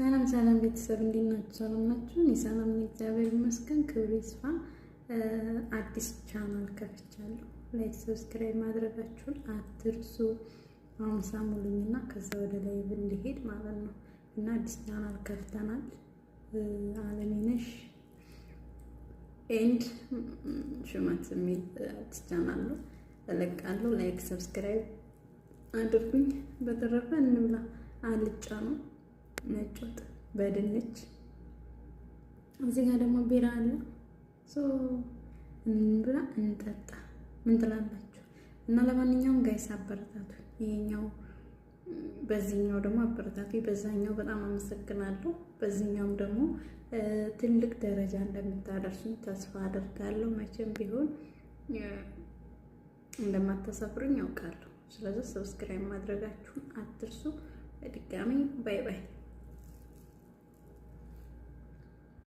ሰላም ሰላም ቤተሰብ እንዴት ናችሁ? ሰላም ናችሁ? እኔ ሰላም ነኝ፣ እግዚአብሔር ይመስገን። ክብሩ ይስፋ። አዲስ ቻናል ከፍቻለሁ። ላይክ ሰብስክራይብ ማድረጋችሁን አትርሱ። አምሳ ሙሉኝና ከዛ ወደ ላይ ብንሄድ ማለት ነው እና አዲስ ቻናል ከፍተናል። አለሜነሽ ኤንድ ሹመት የሚል አዲስ ቻናል ነው እለቃለሁ። ላይክ ሰብስክራይብ አድርጉኝ። በተረፈ እንብላ። አልጫ ነው ነጭ ወጥ በድንች እዚህ ጋር ደግሞ ቢራ አለ። ሶ እንብላ እንጠጣ። ምን ትላላችሁ? እና ለማንኛውም ጋይስ አበረታቱ። ይሄኛው በዚህኛው ደግሞ አበረታቱ። በዛኛው በጣም አመሰግናለሁ። በዚህኛውም ደግሞ ትልቅ ደረጃ እንደምታደርሱኝ ተስፋ አደርጋለሁ። መቼም ቢሆን እንደማታሳፍሩኝ ያውቃለሁ። ስለዚህ ሰብስክራይብ ማድረጋችሁን አትርሱ። በድጋሚ ባይ ባይ።